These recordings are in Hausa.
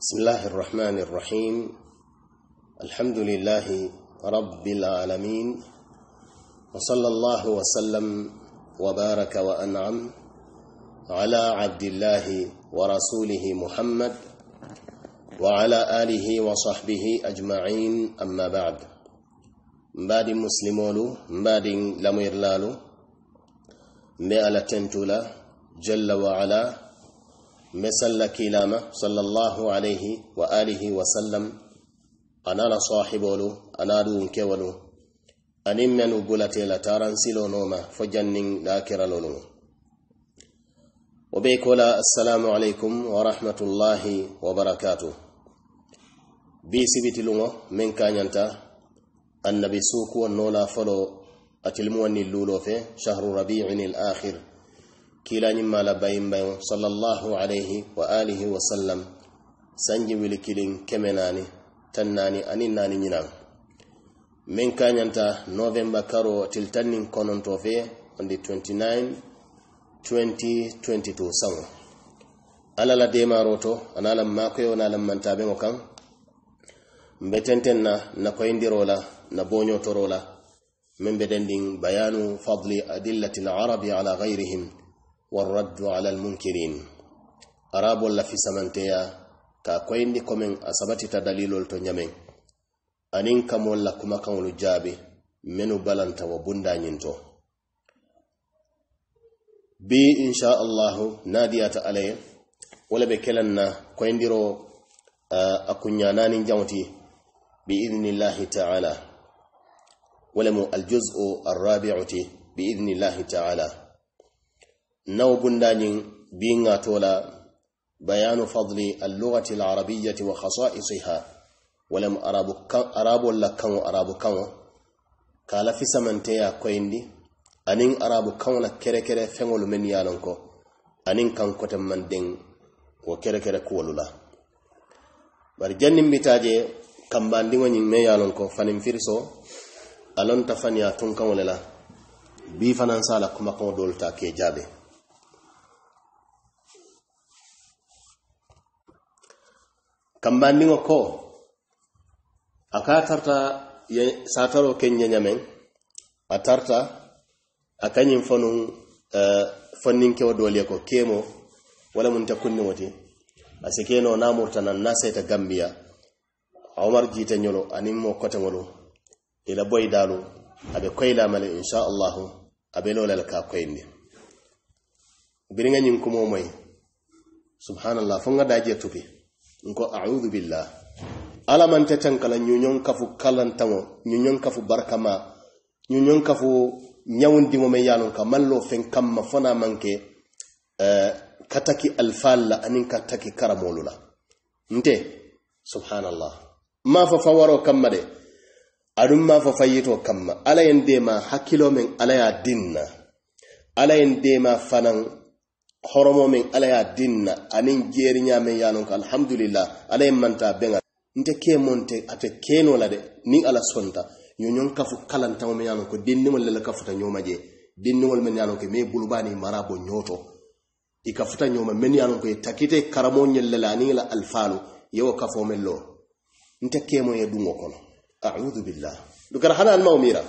بسم الله الرحمن الرحيم الحمد لله رب العالمين وصلى الله وسلم وبارك وانعم على عبد الله ورسوله محمد وعلى اله وصحبه اجمعين اما بعد مبادي مسلمولو مبادي لميرلالو مبالتنتولا جل وعلا مثل كلامة صلى الله عليه وآله وسلم أنا صاحب صاحبولو أنا دون كولو أن من بلتي لتارن سلو نوما فجنن ذاكر لولو وبيكولا السلام عليكم ورحمة الله وبركاته بي سبتي لونو من كان ينتا النبي سوكو النولا فلو أتلموني اللولو في شهر ربيع الآخر kila nyimma la sallallahu alayhi wa alihi wa sallam sanji wili kilin kemena naani tan naani anin naani nyina? min kanyanta karo Tiltannin Konon on the 29 2022 alala la demaro to ana lan makoyo na lan mantabeŋo na Koyindirola la na bonyo toro la min be bayanu fadli adillati al-arabi ala gayrihim والرد على المنكرين اراب ولا في سمنتيا كاكوين دي كومن أسبتي تدليل التنجمين انين كم ولا كما كان الجابي منو بلانتا وبندا نينتو بي ان شاء الله نادية عليه ولا بكلنا كوين ديرو أكنيا نانين جاوتي باذن الله تعالى ولم الجزء الرابع باذن الله تعالى نو بنداني بينا تولا بيان فضل اللغة العربية وخصائصها ولم أراب لكم أراب كم قال في سمنتيا كويندي أنين أراب كم كره كره فنول من يالنكو أنين كم كتم من دين وكره كره كولولا bari jannin bitaje kambandiŋo ñiŋ me ye loŋ ko faniŋ firiso a lonta faniya tunkaŋo le la bii fanaŋ sa a la kamba ndiŋo ko a ka tarta saataro kenñeñamen a tarta a kañiŋ fanuŋ uh, eh, fanninkewo dooliye ko keemo wala mun takkundiŋo ti a si keno namurta nan na seta gambiya omar jiita ñolo aniŋ mo koteŋolu i la boy daalu a be koyilama le inchallahu abe loola le ka koyindi biriŋa ñiŋ kumo moy subhanallah fo ŋa daa je tupi nko a'udhu billah ala man tatankala nyunyon kafu kalantamo nyunyon kafu barkama kafu kafo ñawndimo men yalon ka mallo fen kamma fana manke eh, ka taki alfal la anin ka taki nte subhanallah ma fa fawaro kamma de adum ma fa fayito kamma ala yen dema hakilo men ala ya dinna ala yen dema fanan horomo min ala ya dinna anin jeri nyamen yanon ka alhamdulillah ala manta benga nte ke monte ate keno la de ni ala sonta nyonyon kafu kalan tawo men yanon ko dinni mon lele kafuta nyoma je dinni mon men yanon ke me bulubani marabo nyoto i kafuta nyoma men yanon ko e takite karamo nyelle la ni la alfalu yewo kafo men lo nte ke mo ye dungo kono a'udhu billah dukara hanan mawmira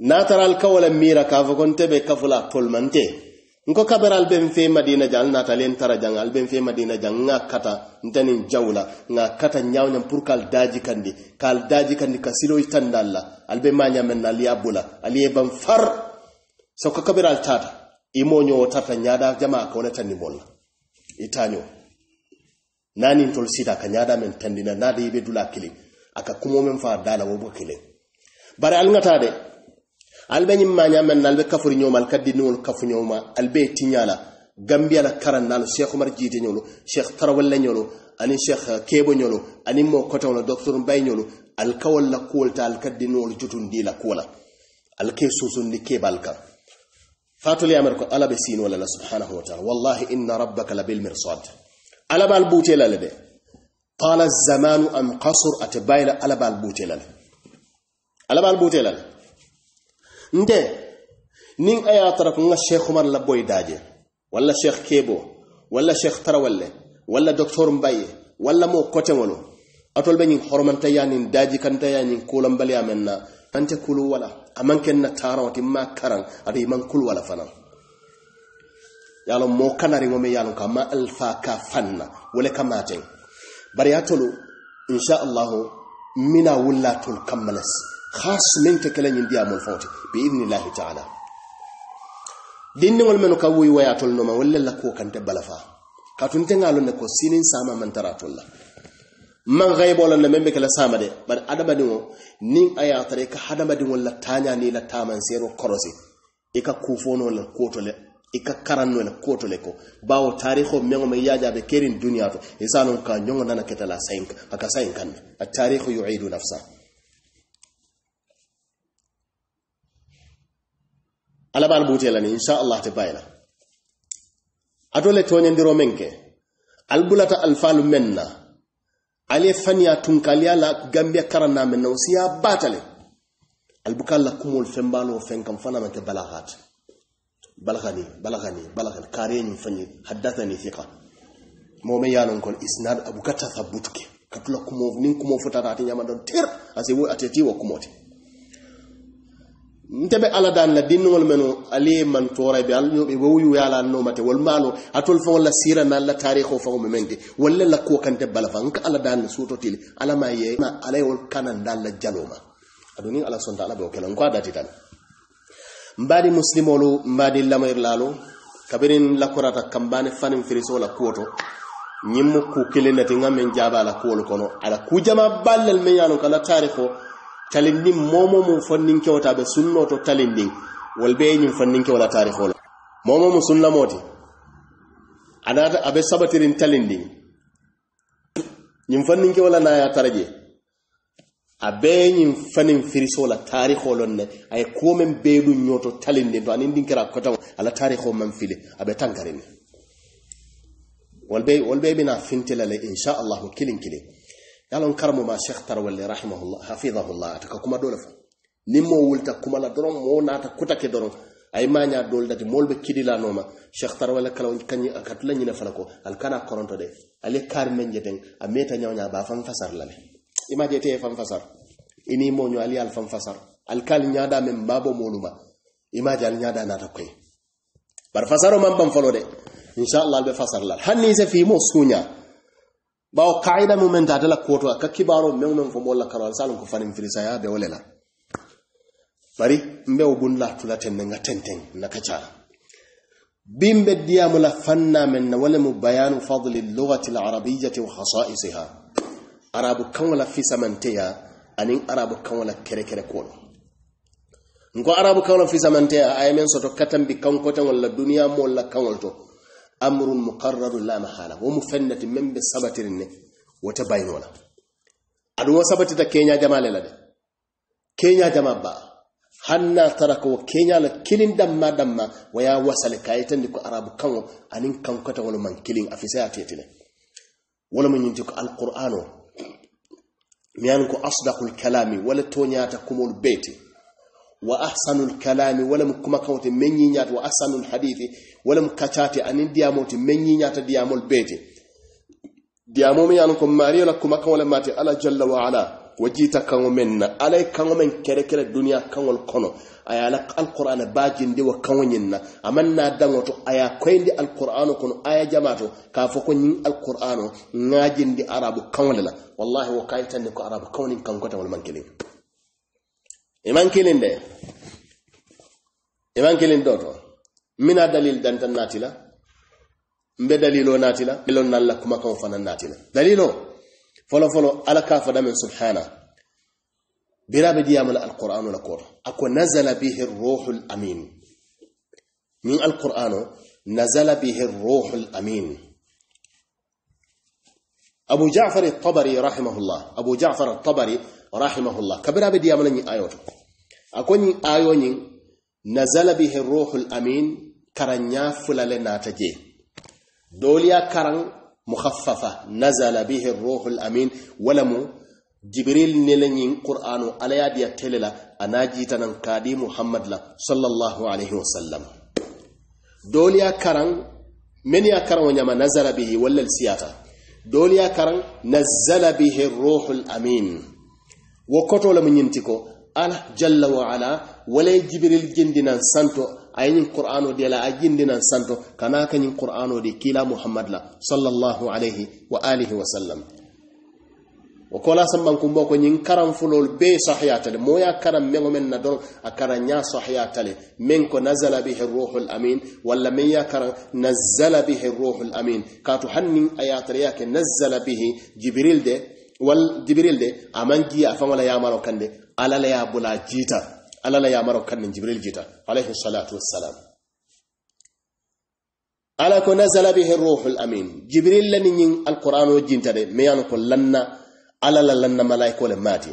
natara alkawla mira kafo kon tebe kafula tolmante nko kabara al ben fe madina jang na talen tara jang al ben fe madina jang nga kata ntani jawla nga kata nyaawnyam pour kal daji kandi kal daji kandi kasilo itandalla al be manya men na liabula ali ban far so ko kabara al tata imonyo tata nyada jama ko na tanni molla itanyo nani tol sita ka nyada men tandina nada be dula kili aka kumo men fa dala wo bo kile bare al ngata de albe ñiŋ maña meŋ na albe kafuri ñoma al ka dindiŋolu kafu ñoma al be tiña la gambiya la karan naalu cheikh omar jiite ñolu cheikh tarawalle ñolu aniŋ cheikh keebo ñolu aniŋ moo koteŋolu docteur mbay ñolu al kawol la kuwol ta al ka dindiŋolu jutundi la kuwo la al ke susundi keebal kaŋ fatolu ye ko ala be siinoo subhanahu wa taala wallahi inna rabbaka la bil mirsad ala be al buutee la le de qala zamanu an qasr ate bayila ala be al buutee la le al buutee la nde nin a y'a tara ko nga sheikh umar boy daje wala sheikh kebo wala sheikh tarawalle walla docteur mbaye walla mo wono atol be ñiŋ horomantaya niŋ daji kantaya ñiŋ bal ya menna tante kulu wala a maŋ na taaraŋo ti ma karan ari man kulu wala fana. yalo mo kanari mo me meŋ ko ka fanna wala bari atolu insha allahu mina wulla tolu khas men te kala nyindi amul fawti bi idnillahi ta'ala dinni wal men ka wuy waya tol no ma walla la ko kante balafa katun te ngalo ne ko sinin sama man taratul la man ghaibo lan men be kala sama de bar adama dingo nin aya tare ka hadama dingo la tanya ni la taman zero korosi ika kufono la kotole ika karanno la kotole ko bawo tariho mengo me yaja be kerin duniya to isanu ka nyongo nana ketala 5 aka 5 kan at tarihu yu'idu nafsahu ala bal butela insha allah te bayla atole tonye ndiro menke albulata alfalu menna ale faniya tunkalia la gambia karana menna usiya batale albukal la kumol fembalo fen fana manke balagat balagani balagani balagal karin fani haddathani thiqa momen yanon kon isnad abukata thabutke katula kumo nin kumo fotata ati nyama don ter ase wo ateti nte be ala dan la dinnuŋol menu ali man tora be ala be woyu ya la no mate wal malo atol fon la sira na la tarikho fon mo mente walla la ko kante balafa nka ala dan la soto til ala ma ye ma ala wol kanan dal la jaloma adoni ala sonta ala be o kelan ko adati tan mbadi muslimolu mbadi lamayr lalo kabirin la korata kambane fanim firiso la kuoto nyimmu ku kelenati ngamen jaba la kuol kono ala kujama ballal me yanu kala tarikho talindin momo mun fannin kyauta be sunno to talindin walbe be yin fannin kyauta tariho la momo mun sunna moti anata abe sabatirin talindin yin fannin kyauta na ya tarje abe yin fannin firiso la tariho lon ne ay ko men be du nyoto talindin to anin din kira kota ala tariho man fili abe tankarin walbe walbe wal bina fintilale insha Allah kilin kilin yalon karamo ma sheikh tarwalli rahimahullah hafidhahullah ataka kuma dole fa nimmo wulta kuma la doron mo nata kutake doron ay maña dol dati mol be kidila noma cheikh tarwala kala kanyi katla nyina falako al kana koronto de ale kar men jeten a meta nyawnya ba fan fasar lale ima jete fan fasar ini mo nyu ali al fan fasar al kal nyada men babo moluma ima jal nyada na ta koy bar fasaro man ban falo de inshallah al be fasar lal hanni se fi mo sunya bawo kaida mu men tala la koto ka kibaro men men fo bolla kala salon ko fanin filisa ya be wolela bari mbe o bunla tula tenne nga tenten na kacha bimbe diyamu la fanna men na wala mu bayanu fadli al-lughati al-arabiyyati wa khasa'isiha arabu kanwala fi samantiya anin arabu kanwala kere kere kono ngo arabu kanwala fi samantiya ay min soto katambi kankotan wala duniya mo la kanwalto amrun muqarrarun la mahala wo mu fennati bi be sabatirin ne wote baynola aɗum wo sabatita keña jamale la de jama ba hanna tarako kenya la kilin damma damma waya wasale kayitandi ko arabu kango anin kankota wala man kilin afisaya tetile wala mo ñinti ko alqur'an o ko asdaqul kalami wala ta kumol beyti wa ahsanul kalami wala kuma kawte menyi nyaat wa ahsanul hadithi wala walam an india moti menyi nyaata diyamol beete diamo mi yan ko mari wala kuma kawle mate ala jalla wa ala wajita kango menna alay kango men kere kere duniya kangol kono aya alqur'an alqur'ana bajindi wa kango nyinna amanna dangoto aya koyndi alquran kono aya jamato ka fo ko nyin alqur'ano ngajindi arabu kangol la wallahi wa kaytande ko arabu kawni kango ta wal mankeli iman kilin de iman kilin doto mina dalil dantan natila mbe dalilo natila ilo nalla kuma kan fanan natila dalilo folo folo ala ka fada min subhana birabe diyamal alquran la kor ako nazala bihi ar-ruhul amin min alquran nazala bihi ar-ruhul amin أبو جعفر الطبري رحمه الله أبو جعفر الطبري rahimahullah kabira be diyamana ñiŋ ayo to a ko ñiŋ ayo ñiŋ nazala bihi ruhul amin karan ña fulale naata jee dooliya karaŋ mukhaffafa nazala bihi ruhul amin wala mu jibril ne la ñiŋ qur'anu ala ye diya tele la a naa jiitanaŋ kaadi muhammad la sallallahu alayhi wa sallam dooliya karaŋ men ye karaŋo ñama nazala bihi walla l siyata dooliya karaŋ nazala bihi ruhul amin wo la le mu ñinti ko ala jalla wa ala wala jibril jindinan santo ayin qur'ano de la ajindinan santo kana kanyin qur'ano de kila muhammad la sallallahu alayhi wa alihi wa sallam wo kola samban kumbo ko ñin karan fulol be sahiyatale mo ya karan mego men na don a karan ya sahiyatale min ko nazala bihi ruhul amin wala min ya karan nazala bihi ruhul amin katu hannin ayatare yake nazala bihi jibril de wal jibril de aman gi afan wala ya maro kande alala ya bula jita alala ya maro kannin jibril jita alaihi salatu wassalam ala ko nazala bihi ruhul amin jibril lanin alquranu jinta de me yan ko lanna alala lanna malaiko le mati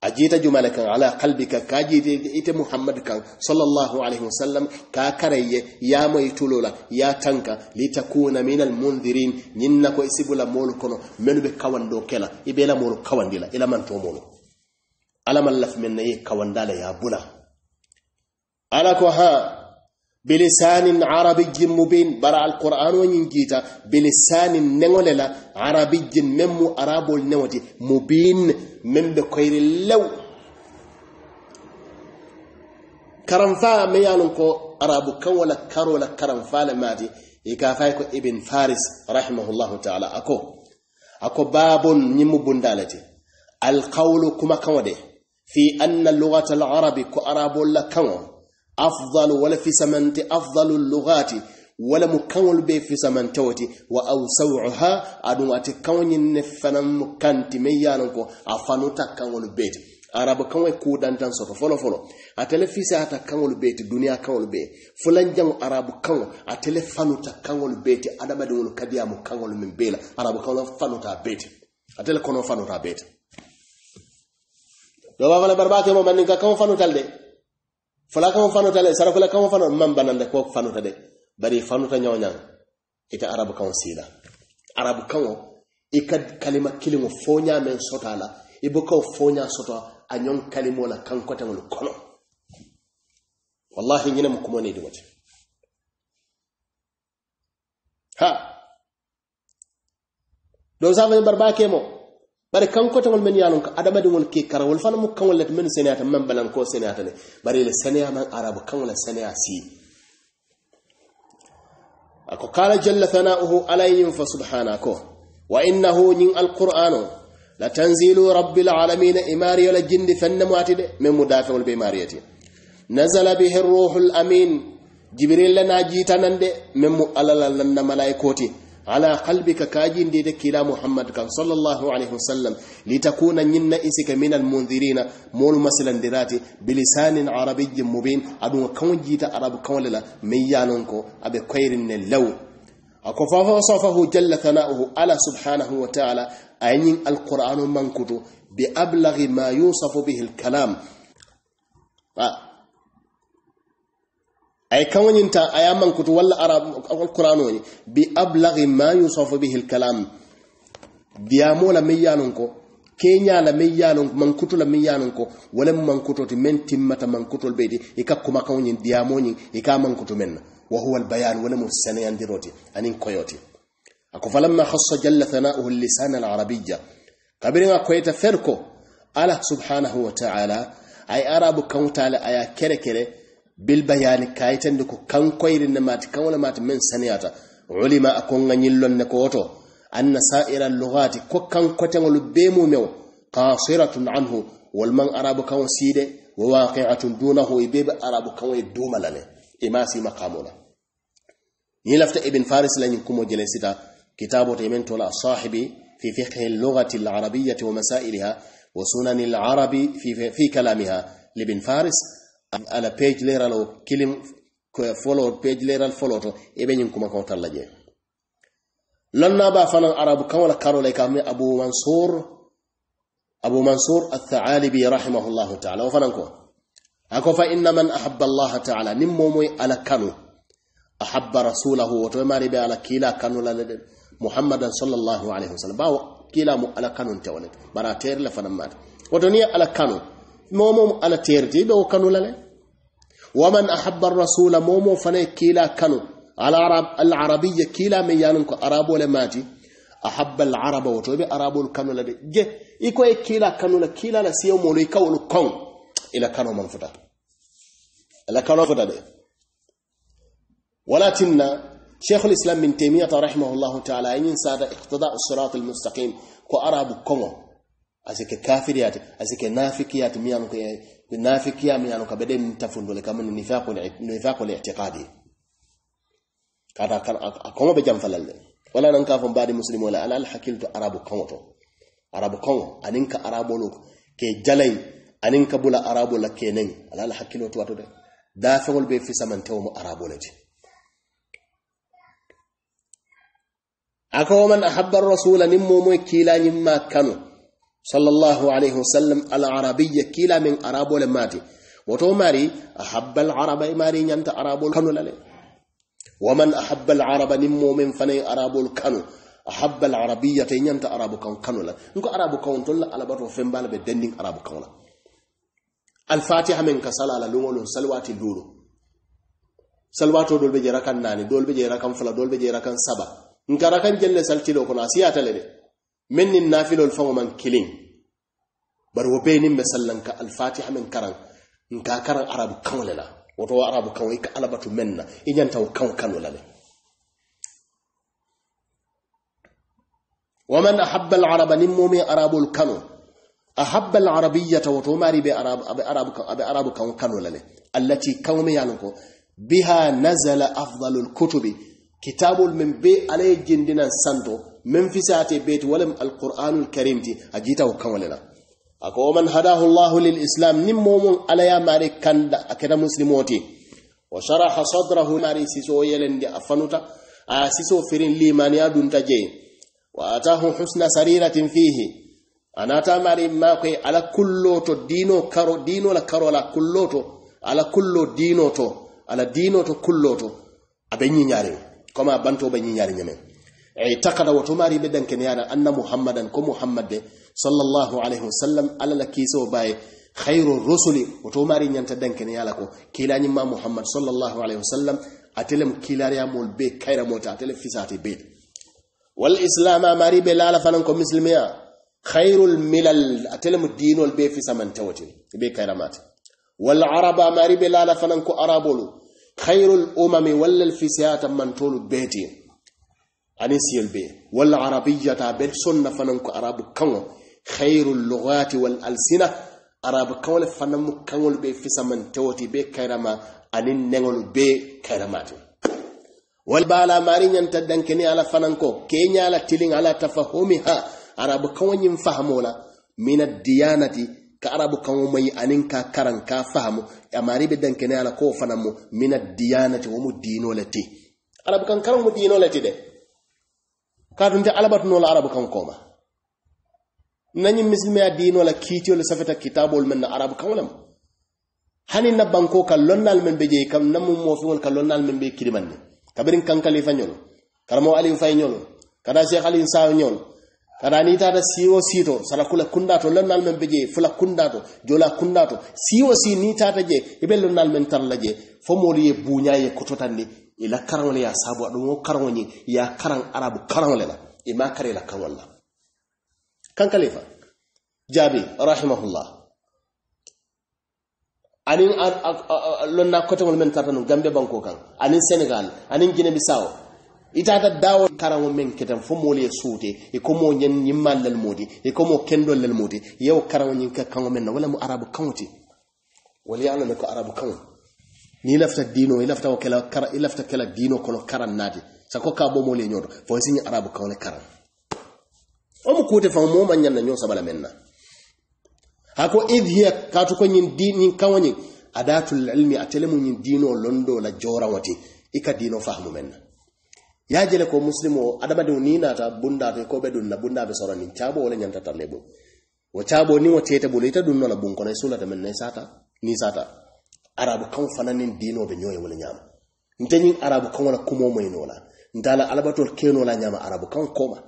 ajeta jumala kan ala qalbika ka jide ite muhammad kan sallallahu alaihi wasallam ka karaye ya mai tulola ya tanka litakuna min almunzirin nyinna ko isibula mol kono menu be kawando kela ibela mol kawandila ila man to mol ala mallaf men ne kawandala ya bula ala ko ha bilisanin arabijin mubin bara alqur'ano nyin gita bilisanin nengolela arabijin memmu arabol newati mubin membe koyri law karanfa me yalon ko arabu kan wala karo la karanfa la mati e ka ko ibn faris rahimahullahu ta'ala ako ako babon nyimu bundalati alqawlu kuma kawade fi anna lughata al-arabi ko arabol la kan afdalu wala fi samanti afdalu lughati wala mu kaŋol be fi wo ti wa ausawuha aduŋ ate kaŋoñiŋ ne fanaŋ mu kanti meŋ ye ko a fanuta kaŋolu be ti arabu kaŋo ye kuu dantaŋ soto folo folo ate le fisaata kaŋolu be ti duniya kaŋolu be fulanjaŋo arabu kaŋo ate le fanuta kaŋolu be ti adamadiŋolu kadiyamu kaŋolu meŋ be la arabu kaŋo fanuta be ti ate le kono fanuta be ti doo baa fana baribaatemo manniŋ ka kaŋo fanutal de fala kama fano tale sara kala kama fano man bananda ko fano tade bari fano ta nyonya ita arabu kan sila arabu kan ikad kalima kilimo fonya men sotala ibuka fonya soto anyon kalimo la kan kota ngol kono wallahi ngina mukumo ne duwati ha do sa barba kemo bari kota wal men yalon adama adamadi wal ke wal fana mu wal let men senata men balan ko senata ne bari le senya man arabu wal senya si ako kala jalla thana'uhu alayhi fa subhanako wa innahu nin alquran la tanzilu rabbil alamin imari wal jindi fanna de men mudafi'ul bi mariyati nazala bihi ar-ruhul amin jibril lana jitanande men mu alalal nan malaikoti ala qalbika kajindede kila muhammad kan sallallahu alayhi wa sallam litakuna ñinna isike min almundirina moolu masilandirati bilisanin arabijin mubin aɗum kaŋo jiita arabu kaŋole la min yanon ko aɓe koyrin ne law ako fafasafahu jalla thanauhu ala subhanahu wa taala ayeñin alqur'anu mankutu bi ablagi ma yusafu bihi lkalam ay kaŋoñinta a ye mankutu walla alkurano ñi bi ablagi ma yusafu bihi lkalam diyamoo la meŋ ko kenya la meŋ ye mankutu la meŋ ko wolem ti meŋ timmata mankutol be ti i ka kumakaŋo mankutu na wa huwa albayan wolemu seneyandiro ti aniŋ koyo ti a falamma jalla thanauhu lisana alarabiya kabiriŋ a koyita ko ala subhanahu wa taala ay arabu kaŋo aya kere kere bil bayani kayitande ko na mati kan wala maati men saniyata ulima a ganyin lon lonne ko woto anna sa'ira lugati ko kankoteŋolu bee mumewo kasiratun anhu walman arabu kaŋo side wa waqi'atun dunahu e be arabu kan ye duumala le ima sima kamola ni lafta ibin faris la kuma kumo jele sita kitabu ta yemen tola sahibi fi fiqhi lugati alarabiyati wa masailiha wa al-arabi fi, fi kalamiha libin faris ala page leral o kilim follow page leral follow to e be nyin kuma kawtal laje lanna ba fanan arabu kamala karola ka mi abu mansur abu mansur al-thalibi rahimahullahu ta'ala wa fanan ko ako fa inna man ahabba allah ta'ala nimmo moy ala kanu ahabba rasulahu wa to mari be ala kila kanu la muhammadan sallallahu alaihi wasallam ba kila mu ala kanu tawlet bara ter la fanan mat wato ni ala kanu مومو على تيرتي بو كانوا لله ومن أحب الرسول مومو فني كيلا كانوا على العرب العربية كيلا ميانكو ولا ماجي أحب العرب وجوبي أرابو كانوا لدي جي إيكو إيه كيلا كانوا كيلا لسيو مولي كون كون إلى كانوا منفدا إلى كانوا منفتا دي ولكن شيخ الإسلام من تيمية رحمه الله تعالى إن ساد اقتضاء الصراط المستقيم كو أرابو كونو asike kafiri yati asike nafiki yati miyanu ke nafiki ya miyanu kabede mtafundole kama ni ni nifaku ni itiqadi kada kan akoma be jamfalalle wala nan kafon badi muslim wala alal hakiltu arabu kongo arabu kongo aninka arabu lo ke jalai aninka bula arabu la kenen alal hakilu to wato de da fawol be fi taw mu arabu lati ahabba ar-rasul nimmo mu kilani ma kanu sallallahu alayhi wa sallam al arabiyya kila min arabole mati woto mari ahabba al araba mari nyanta arabol kanu lale waman ahabba al araba nimmo min fanay arabol kanu ahabba al arabiyya tay nyanta arabu kan kanu la nko arabu kan tolla alabato fembal be dending arabu kan la al fatiha min kasala la lungolon salwati lulu salwato dolbe je rakan nani dolbe je rakan fala dolbe je rakan saba nka rakan jelle saltilo kono asiyata le de min nin nafilol faŋo maŋ kiliŋ bari wo bee niŋ be sallan ka alfatiha meŋ karaŋ nka karaŋ arabu kaŋo le la woto wo arabu kaŋo i ka alabatu meŋ na i ñanta wo kaŋo kano la le waman ahabba alaraba niŋ moo meŋ arabol kano ahabba alarabiyata woto wo maari be arabu kaŋo kano la le allati kaŋo meŋ ye a loŋ ko biha nazala afdalu lkutubi kitaabol meŋ be ala ye jindinan santo min fisate beti walam a karim ti ajita kamalena ako man hadahu allah lil islam nimmomon alaya mari kanda akeda muslimoti wa sharaha sadrahu mari siso yelendi afanuta a siso firin limaniya dunta je wa atahu husna sariratin fihi anata mari makoy ala kulloto dino karo dino la karo la kulloto ala kullo dino to ala dino to kulloto abe nyinyare koma banto be nyinyare nyamen i'taqada wa tumari be dan ken yana anna muhammadan ko muhammad sallallahu alaihi wasallam alala kiso baye khairu rusuli wa tumari nyanta dan ken yala ko kilani ma muhammad sallallahu alaihi wasallam atelem kilariya mol be kaira mota atele fisati be wal islam mari lala fanan ko muslimiya khairul milal atelem dinol be kaira mata wal araba mari lala fanan ko arabulu khairul umami wallal fisiyata mantolu beti ani siyel be walla arabiyata be sonna fana ko arabu kaŋo hayrul lugati wal alsina arabu kaŋo le fanaŋ mu kaŋol be fisamantewoti be kayrama aniŋ neŋolu be kayramati wal bala mari ñanta dankeni ala fana ko kenya la tiliŋ ala ha arabu kaŋo ñiŋ fahamo la min addiyanati ka arabu kaŋo mayi aniŋ ka karaŋ ka fahamu amari be dankeni ala ko fanaŋ mu min addiyanati wo mu diino le ti arabu kan karan mu diino le ti de kaatu nte alabatinola arabu kankoma nañi misilmeya diinola kiitiyolu safita kitabol men na kan kaŋolem hani na banko ka lonnal men beje kam namu mo fi mofiŋol ka lonnal men be kabrin kan kabirin kankalifa ñolu karamo ali fay nyol kada cheikh ali sa nyol kada ni tata siwo sito sala kula kundato lonnal men beje jey fula kundato jola kundato siwo si ni tata je ibe lonnal men tarla laje fo moolu ye buuña ye kototandi ila ya sabu a saabu aduŋ wo karaŋo ñiŋ arabu karaŋo le la e kare la kan wannan kan kalifa jabi rahimahullah anin lonna kota meŋ tarta nuŋ gambe banko kan anin senegal anin gine ita itaata dawo karaŋo meŋ keteŋ fo moolu ye suute i e komo moo ñeŋ ñimmaal lel e mu ti i ko moo kendol lel mu ti yewo karaŋo ñiŋ na wo lemu arabu kan ti wali ye a ne ko arabu kaŋo ni lafta dino ni lafta kala kara ni lafta kala dino kono karan nadi sako ka bo mole nyodo fo sin arabu ka wala karan o mu kote fa mo man nyanna nyosa bala menna hako idhiya ka to ko dini kawani adatul ilmi atelemu nyin dino londo la jora wati ika dino fahmu menna ya jele ko muslimo adama de ni nata bunda to ko be na bunda be soro nin chabo wala nyanta tarlebo wo chabo ni wo tete bulita dunno la bunko na sulata menna sata ni sata arabu kan fananin dino be ñoye wala ñama nteñin arabu kan wala kumo moyinola albatul keno la nyama arabu kan koma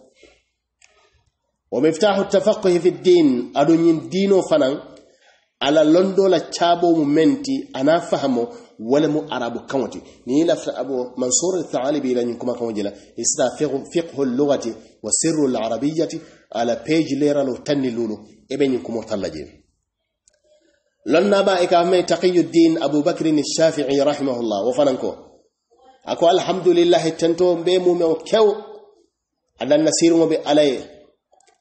wa miftahu tafaquhi fi din adu ñin dino fanan ala londo la chabo mu menti ana fahamo wala mu arabu kanwati ni la fa abu mansur al-thalibi la kuma kan wajila ista fiqhu al-lughati wa sirru al-arabiyyati ala page lera lo tanni lulu ebe ñin kuma tallaje لن نبا إكامي تقي الدين أبو بكر الشافعي رحمه الله وفننكو أكو الحمد لله تنتو بيمو كو على النسير مبي عليه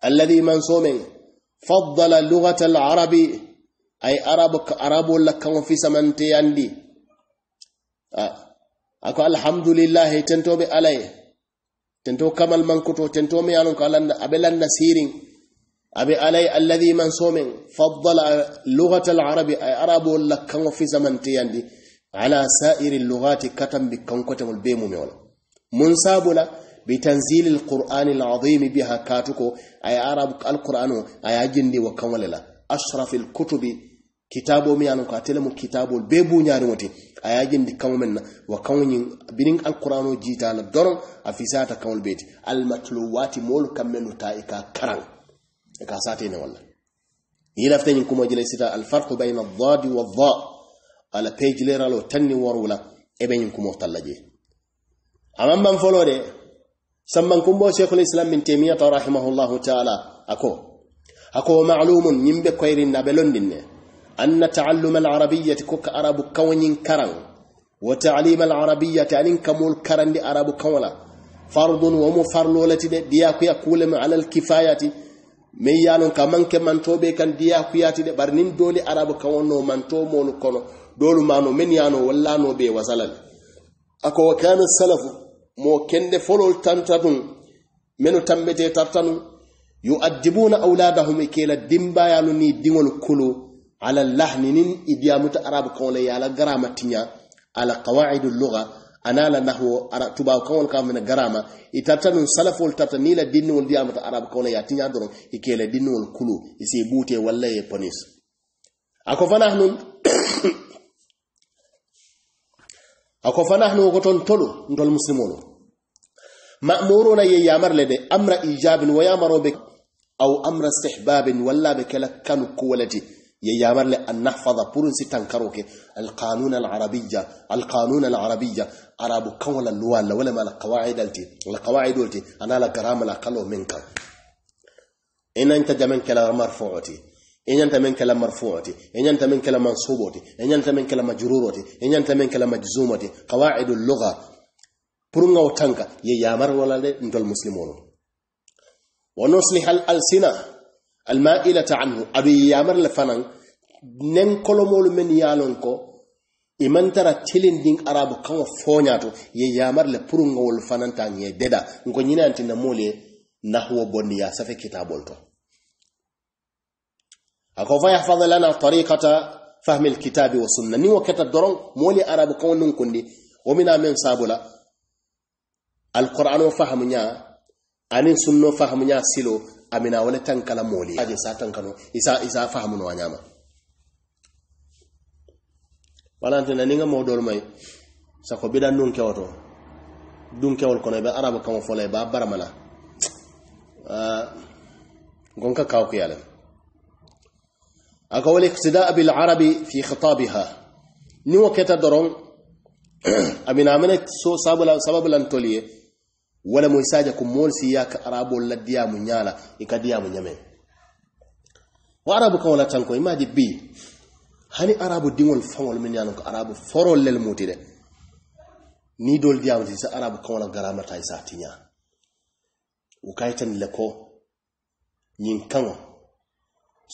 الذي من صومي فضل لغة العربي أي أرابك أرابو لك في سمنتي عندي آه. أكو الحمد لله تنتو بي عليه تنتو كمال منكتو تنتو ميانو كالان أبلا النسيرين abi alai alladhi man somin faddala arabi ay arabu fi ala sa'iril lughati katam bi mun mun sabula bi tanzilil qur'anil azim biha katuko ay arabu alquranu ay ajindi wa kamalala ashrafil kutubi kitabu mi anu a mu kitabu be bu nyaari woti ay ajindi kamumen wa kamuni binin alquranu jita la doron afisata kamul beti al matluwati mul kamenu kasatene walla lafta yin kuma jele sita alfarqu bayna aldadi walda ala lo tanni worwula eɓe ñin kumo talla je ban folo de samman kumbo cheikhul islam min ta rahimahullahu taala ako ako malumun ñimɓe na ɓe londinne anna taalluma alarabiyati koka arabu kawoñin karan wa taalima alarabiyati anin kamol karandi arabu kawola fardun womo farlolati de ɗiyakuya kulema ala kifayati mai yalon ka manke mantoɓe kan diya kuyatide bari nin dole arabu kan wonno manto monu kono dolu no men yano wallanoɓe wasalal ako wa kana salafu mo kende folol tanta ɗum meno tambete tartanu yu'addibuna auladahum e kela dimbayalu ni diŋol kulu ala lahni nin idiyamuta arabu kan wala yala garama tiña ala kawaidu luga anala nahu ara tuba kawol kam min garama itatanun salafol la nila wal diyamata arab kawla ya tiña doron ikele wal kulu isi bute walla ponis ako fanahnu ako fanahnu goton koton tolu ndol muslimono ma'muruna ye yamar lede amra ijabin wa yamarobe aw amra istihbabin walla be kala kanu kuwalati يامر لأن نحفظ بورن ستان كروك القانون العربية القانون العربية عرب كون النوال ولا ما القواعد التي القواعد التي أنا لا كرام لا قلو منك إن أنت جمن كلام مرفوعتي إن أنت من كلام مرفوعتي إن أنت من كلام منصوبتي إن أنت من كلام مجرورتي إن أنت من كلام مجزومتي قواعد اللغة برنا وتنك يامر ولا ندل مسلمون ونصلح الألسنة almailata anhu aɓe yamar le fanan nen kolomolu men yalon ko imantara tilin din arabu kaŋo foñato ye yamar le pour ngowol na ye deda nko ñinantina na ye nahwo ya safe kitabol to ako fa yahfaz lana tariqata fahmi alkitabi wa sunna ni wa keta doron moolu arabu kaŋo nun kundi wa mina min sabula alqur'ano wa ña ani sunno fahamu silo amina wala tankala moli aje sa tankano isa isa fahamu no wanyama walante na ninga modol may ko bidan nun kewoto dun kewol kono be kam fo lay ba baramala a gonka kaw ko aka wal iqtida bil arabi fi khitabha ni waketa doron amina amana so sabula sabablan toliye wala mun saja ko mol si ya ka arabo la diya mu nyala e ka diya mu nyame wa arabu kan wala tan ko imaji bi hani arabu dingol fawol min nyaano ko arabu forol lel de ni dol diya mu sa arabu kan wala garama tay sa tinya u le lako nyin kanwa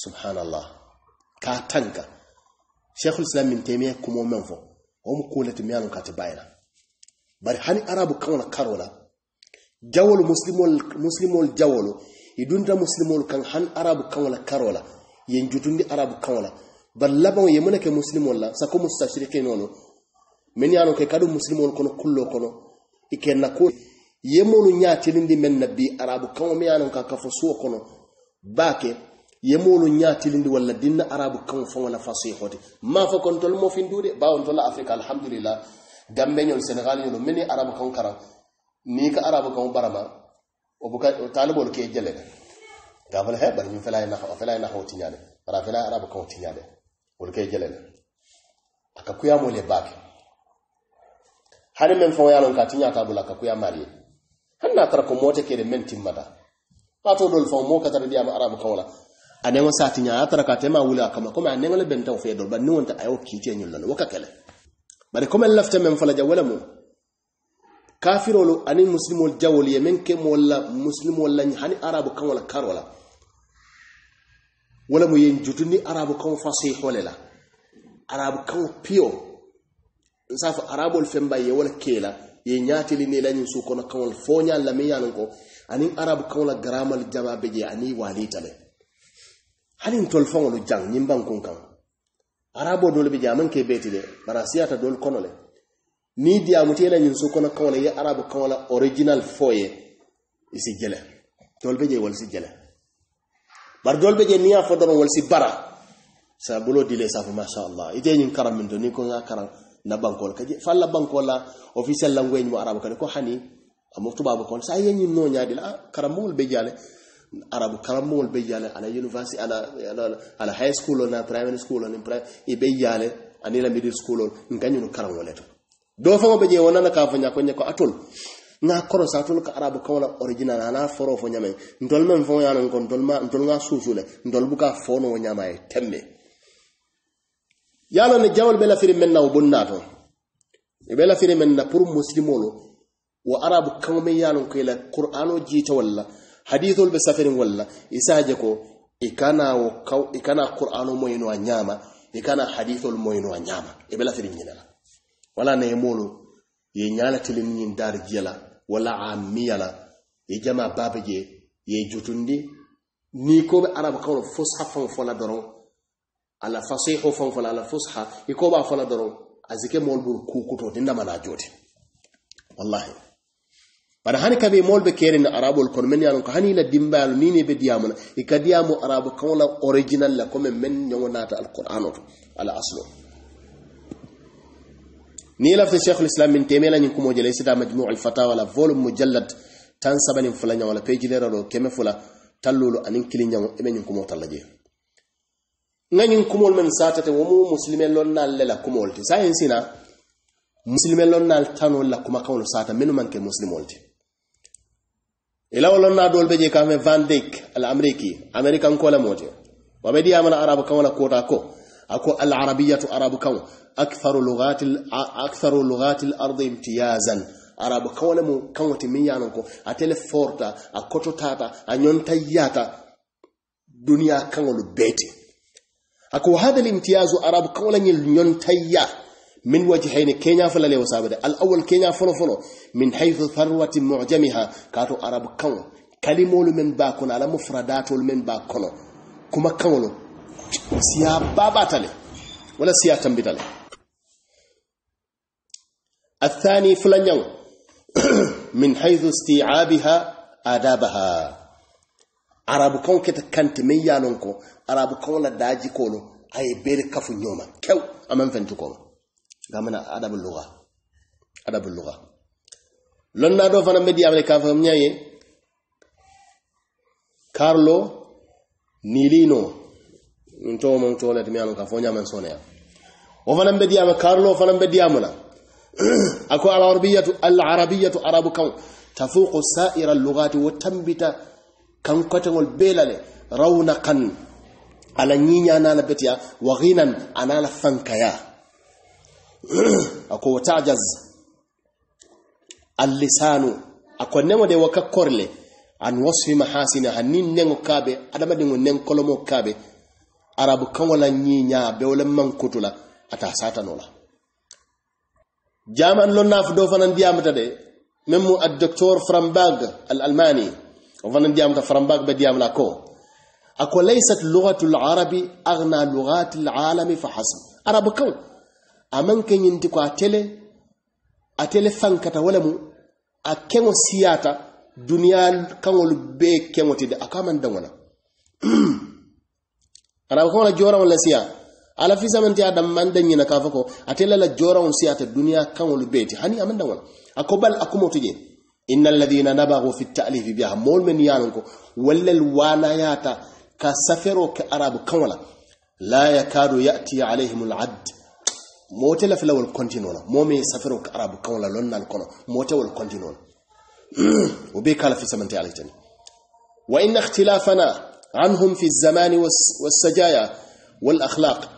subhanallah ka tanka shaykhul islam min taymiya kuma men fo o mu kulati mi yalon ka ta bayina bari hani arabu kan wala karola jawol muslimol muslimol jawolo idunta muslimol kan han arabu kawola karola yen jutundi arabu kawola bar labaŋo ye muna muslimol la sako mustashrike nono men yano ke kadu muslimol kono kullo kono i ke ko ye molu lindi men na bi arabu kaŋo me yanon ka kafo suwo kono bake ye molu lindi wala dinna arabu kaŋo fo wala fasihoti ma fo kontol mo findude bawon tola afrika alhamdulillah gambeñol senegal ñolo meni arabu kaŋo karaŋ ni ka arabu kan barama o buka talibol ke jele ga bal he bal min fala ina ha fala ina ha tinyale bara fala arabu kan tinyale wol ke jele aka kuya mo le bak hari men fo yalon ka tinya ta bula ka kuya mari hanna tar ko mota ke de men ba to dol fo mo ka tar diama arabu kan wala ane mo a tinya tara ka tema wula a kama comme a neŋo le bentaŋo fo ye dol bari ni nte a ye wo kiitiye ñol loŋ wo ka kele bari comme n lafita meŋ fo la ja kafirolu ani muslimol jawol ye men ke molla muslimol la hani arabu kan wala kar wala wala mu yen jutuni arabu kan fasihole la arabu kan pio nsafa arabol femba ye wala la ye ñaatili ni lañin su kono kawol foñal la min yanon ko ani arabu kawla jaba be je ani walitale hanin tol fangolu jang nyimban kun kan arabo dole be jaman ke beti de bara siyata dol kono le ni diamu tela nyin su kono kawla ya arabu kawla original foye isi jele dolbe je wal si jele bar dolbe je niya fo don wal si bara sa bulo dile sa ma sha Allah ite nyin karam min do ni ko nga karam na bankol kaje falla bankola official language mo arabu kade ko hani amo tubabu kon sa yen nyin no nyaadi la ah, karamul be jale arabu karamol be yale ala university ala ala, ala high school na primary school na i be yale ani la middle school on nganyuno karamol eto do fo ko ɓe je wonana ka fo ñako ñeko atol nga koro sa tol ko arabu kawla original ana foro fo ñame ndol men fo yano ngon ndol ma ndol nga sujule ndol buka fo no ñama e temme yalo ne jawol bela firi men na bonna to e bela firi men na pour muslimolo wo arabu kaw men yalo ko ila e qur'an o jiita walla hadithol be safirin walla isaje e ko e kana wo kaw e kana qur'an o moyno a ñama e kana hadithol moyno a ñama e bela firi ñinala wala na yemolo ye nyala tilin yin dar jela wala amiyala ye jama babaje ye jutundi ni ko be arab kawl fusha fon fola doron ala fasihu fon fola ala fusha iko ba fola doron azike mol bur ku kuto dinna mala joti wallahi bana hani kabe mol be kere na arabol kon men yalon ko hani la dimbal ni ne be diamon e kadiamo arab kawl original la comme men nyonata alquran ala aslo ni lafta Sheikh al-Islam min temela nyin kumo jele sita majmu' al-fatawa la volume mujallad tan sabani fulanya wala page lera do keme fula tallulu anin kilinyan ibe nyin kumo tallaje ngayin kumol men satata wo mu muslimen lon nal la kumol ti science na muslimen lon nal tanol la kuma kawlo sata minu manke muslimol ti ila wolon na dol beje kame van al amriki american ko la mote wa be di arab kawla kota ko ako al'arabiyyatu arabu kan aktharu lughatil aktharu ko a teleforta a duniya kan wani beti ako arabu kan min wajhaini kenya fala le wasabada min haythu tharwati mu'jamiha kato arabu kan kalimolu men kuma kanwolo siya babatale wala siya tambitale الثاني فلان min حيث استيعابها adabaha arabu kan keta kanti min yalon ko arabu kan la daji kolo ay bere kafu nyoma kew aman fentu ko gamana adabul lugha adabul lugha lon na do fana medi america fam nyaye carlo nilino nto mo to le temi ka fonya man sonaya o fana be diama karlo fana be diama la ako al arabiyatu al arabiyatu arabu kan tafuqu sa'ira al lughati wa tambita kan kwatangol belale rawnaqan ala nyinya na la betia wa ghinan ana la fankaya ako tajaz al lisanu ako nemo de waka korle an wasfi mahasina hanin nengo kabe adama dingo nen kolomo kabe arabu kawala la ñiiñaa be wala le maŋ kutu sata ata la jaman lon naafu do fanan diyamata de meŋ mu a docteur frambag al almani o fanan diyamata frambag be diyam la ko a ko laysat lugatu arabi agna lugati alami fa hasb arabu kaw a maŋ ke ko a tele a tele fankata wala mu a kengo siyata duniya kaŋolu be keŋo ti de a ko a ana ko la jora wala siya ala fi zaman tiya dan man dan yina kafa ko atella la jora on siya ta duniya kan wal beti hani aman dan wala akobal akumo tuje innal ladina nabagu fi ta'lif biha mol men yanon ko walla wana yata ka safero ka arabu kan wala la yakadu ya'ti alaihim al'ad motela fala wal kontinona momi safero ka arabu kan wala lonnal kono mota wal kontinona وبيك على في سمنتي على الجنة وإن اختلافنا عنهم في الزمان والسجايا والأخلاق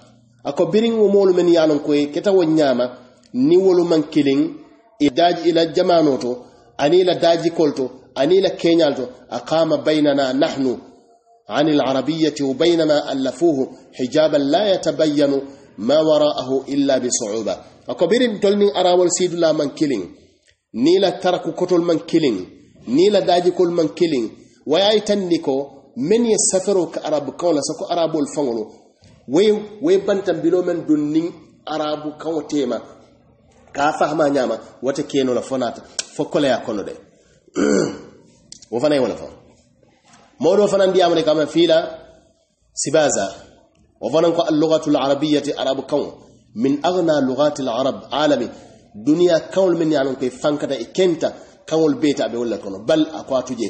أكو برين ومول من يالن كوي كتا ونياما نيولو من كيلين إداج إلى جمانوتو أني إلى داجي كولتو أني إلى كينيالتو أقام بيننا نحن عن العربية وبينما ألفوه حجابا لا يتبين ما وراءه إلا بصعوبة أكو برين تولني أراول سيد لا من كيلين نيلا ترك كتل من كيلين نيلا داجي كل من كيلين ويأي تنكو meni ye safero ka arabu kawla sako arabol faŋolo way way bantan bilo men dun nin arabu kawo tema ka fahma nyama wata keno la fonata fo kole ya kono de wo fanay wala fa modo fana ndi amre kama fila sibaza wo fanan ko al-lughatu al-arabiyyati arabu kaw min aghna lughati al-arab alami duniya kawol min yanon kay fankata e kenta kawol beta be wala kono bal akwa tuje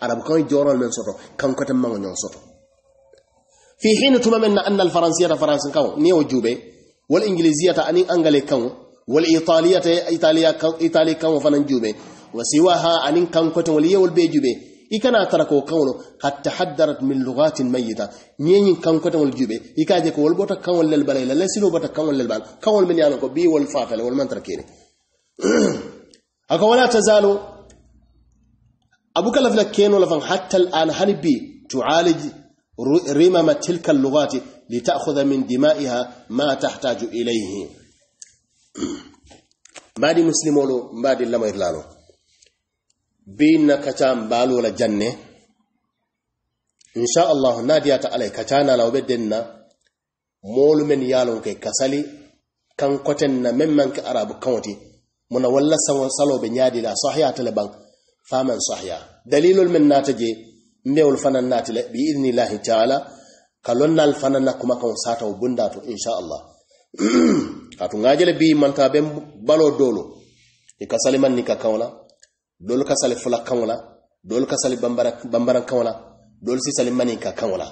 arab kan jorol men soto kan ko tamma ngon soto fi hin tuma men na annal faransiyata faransin kan ni o jube wal ingiliziyata anin angale kan wal italiyata italiya kan itali kan fanan jube wa siwaha anin kan ko to wal yewol be jube ikana tarako kawno qad tahaddarat min lughatin mayyita nyenyin kan ko tan jube ikaje ko wal bota kan wal lel balay la silo bota kan wal lel bal kan wal men yana ko bi wal fatale wal man tarkene aka tazalu abu kalaf la keno la fan an hani bi tu'alij rima ma tilka lughati li ta'khudha min dima'iha ma tahtaju ilayhi badi muslimolo badi lama irlalo bin kata mbalo la janne insha allah nadiya ta alai na la obedenna molu men yalon kay kasali kan koten na memman ka arabu kawti muna walla sawon salo be nyadi la sahiya faman sahya dalilol men naata je mbewol fanan naati la biidnillahi taala ka lonnal fanan na kuma kan satawo bunda to inshallah kato ngajele bi manta be balo dolo e ka sali man ni ka kawla dolo ka sali fula kawla dolo ka sali bambara bambaran kawla dolo si sali mani ka kawla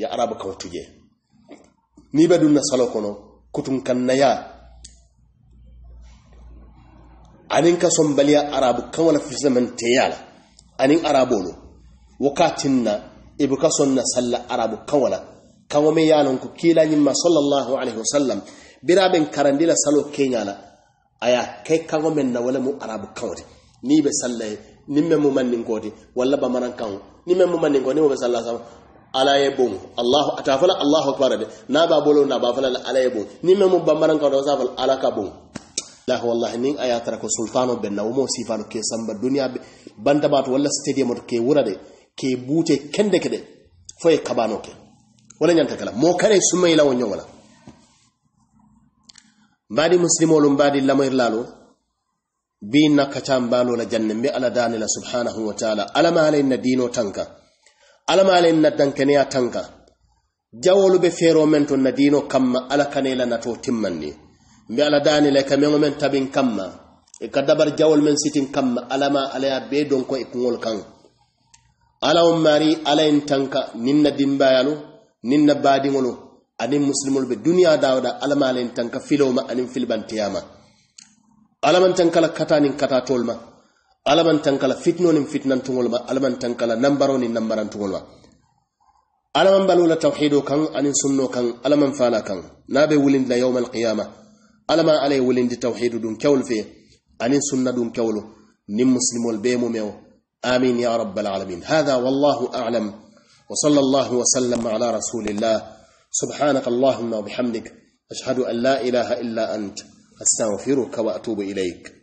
ya arab ka wutuje ni be dun na salo kono kutun kan na ya anin ka baliya arabu kaŋola fisamanteya la aniŋ arabolu wo ka tinna i buka soŋ na salla arabu kan wala kan wame yalon ku kila ko ma sallallahu alaihi wasallam bira karandila salo kenyala la a ye ke na wala mu arabu kan wadi ni be salla ye me mu mu godi wala ba manan kan ni me mu manin godi mu be salla sa ala ye allah atafala allah akbar na ba bolo na ba fala ala ye boŋ niŋ meŋ mu bamanaŋ kaŋo to ala ka boŋ lah wallahi nin aya tara ko sultano be na umo sifano ke samba duniya be banda bat wala stadium ke wurade ke bute kende kede fo e kabano ke wala nyanta kala mo kare sumay la wonyo wala mbadi lum mbadi lamir lalo bi na balo la janne mi ala dani la subhanahu wa ta'ala alama alayn na dino tanka alama alayn na dankaniya tanka jawolu be fero mento na dino kamma ala kanela na to timmanni mbe ala dani le kameŋo men tabin kamma e ka dabar jawol men sitin kamma alama ala ya be don ko e kuŋol kaŋ ala wo mari ala yin tanka nin na dimbayalu nin na badiŋolu aniŋ musilimolu be duniya dawoda alama ala yin tanka filow ma aniŋ filibantiyama ala man tanka la kata niŋ katatol ma ala man tanka la fitino niŋ fitinantuŋolu ma ala man tanka la nambaro niŋ nambarantuŋolu ma ala man balula tawhido kaŋ aniŋ sunno kaŋ ala man fala kaŋ naa be wulindila yawma alama alay wulindi tawhidu dun kawlu fe anin sunna dun kawlu nim muslimol be mumewo amin ya rabbal alamin hadha wallahu a'lam wa sallallahu wa sallam ala rasulillah subhanak allahumma wa bihamdik ashhadu an la ilaha illa ant astaghfiruka wa atubu ilayk